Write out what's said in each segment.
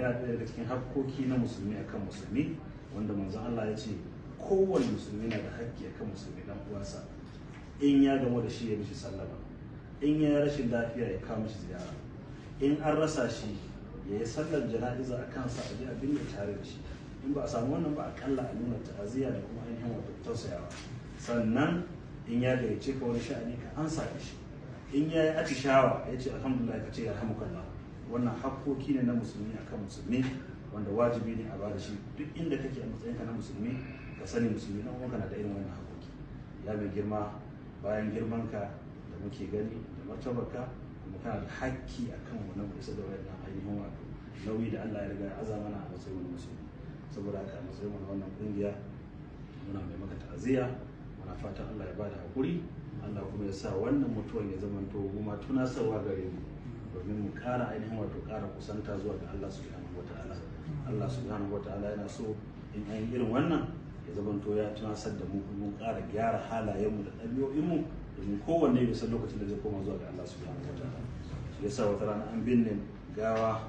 yana ɗaya da cikin hakkoki na musulmi kan musulmi wanda manzan Allah ya ce kowane musulmi na da hakki kan musulmi dan uwansa in ya gamu da shi ya mishi sallama in ya rashin lafiya ya kawo mishi ziyara in an rasa shi ya yi sallar jana'iza a kansa a ji abin da tare da shi in ba a samu wannan ba akalla a nuna ta'aziyya da kuma ainihin wato tausayawa sannan in ya gayyace ka wani sha'ani ka ansa shi in ya yi atishawa ya ce alhamdulillah ka ce ya wannan hakkoki ne na musulmi akan musulmi wanda wajibi ne a ba da shi duk inda kake a matsayinka na musulmi ka sani musulmi na kuma na da irin wannan hakkoki ya mai girma bayan girmanka da muke gani da martabarka kuma kana da hakki akan wannan kusa da wayannan ainihin wato nauyi da Allah ya riga ya aza mana a matsayin musulmi saboda haka a matsayin wannan kungiya muna mai maka ta'aziyya muna fatan Allah ya bada hakuri Allah kuma ya sa wannan mutuwan ya zama to goma tunasarwa gare mu domin mu kara ainihin wato kara kusanta zuwa ga Allah subhanahu ta'ala Allah subhanahu ta'ala yana so in an irin wannan ya zamanto ya tunasar da mu mu kara gyara halayenmu da ɗabi'o'inmu domin kowanne ya san lokacin da zai koma zuwa ga Allah subhanahu ta'ala shi yasa wata rana an binne gawa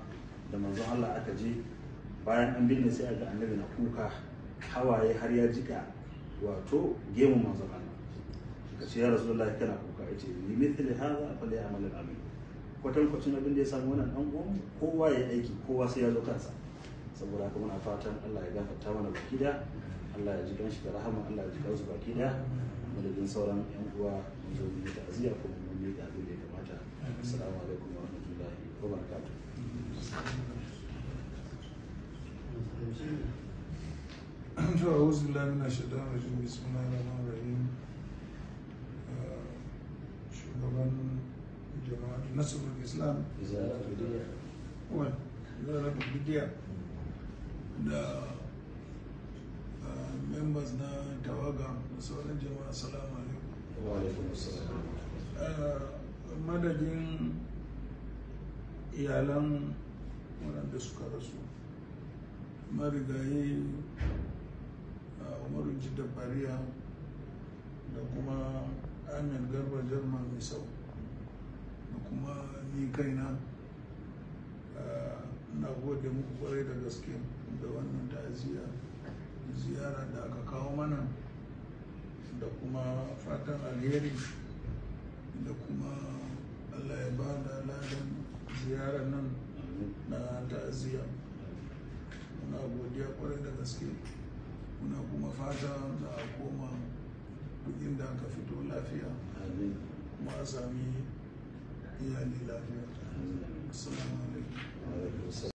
da manzon Allah aka je bayan an binne sai a ga annabi na kuka hawaye har ya jika wato gemu manzon Allah kace ya rasulullahi kana kuka yace ni mithli hadha fali amal al amil kwatankwacin abin da ya sami wannan an uwan kowa ya aiki kowa sai ya zo kansa saboda haka muna fatan Allah ya gafarta mana baki da Allah ya ji ganshi da rahama Allah ya ji kansu baki da madadin sauran yan uwa mun zo mu ta aziya ko mun yi da abin da ya kamata assalamu alaikum wa rahmatullahi wa barakatuh to a'udhu billahi minash shaitanir rajim bismillahir rahmanir rahim uh, shugaban jama'a nasr islam zarafa bidiya da members na tawaga da sauran jama'a iyalan waɗanda suka rasu marigayi uh, umaru jidabbariya da kuma amir garba jarman misau da kuma kaina na gode muku kwarai da gaske da wannan ta'aziyya ziyara da aka kawo mana da kuma fatan alheri da kuma allah ya ba da ladan ziyara nan na ta'aziyya muna godiya kwarai da gaske muna kuma fata za koma duk inda aka fito lafiya kuma a sami إلى الآخرة السلام عليكم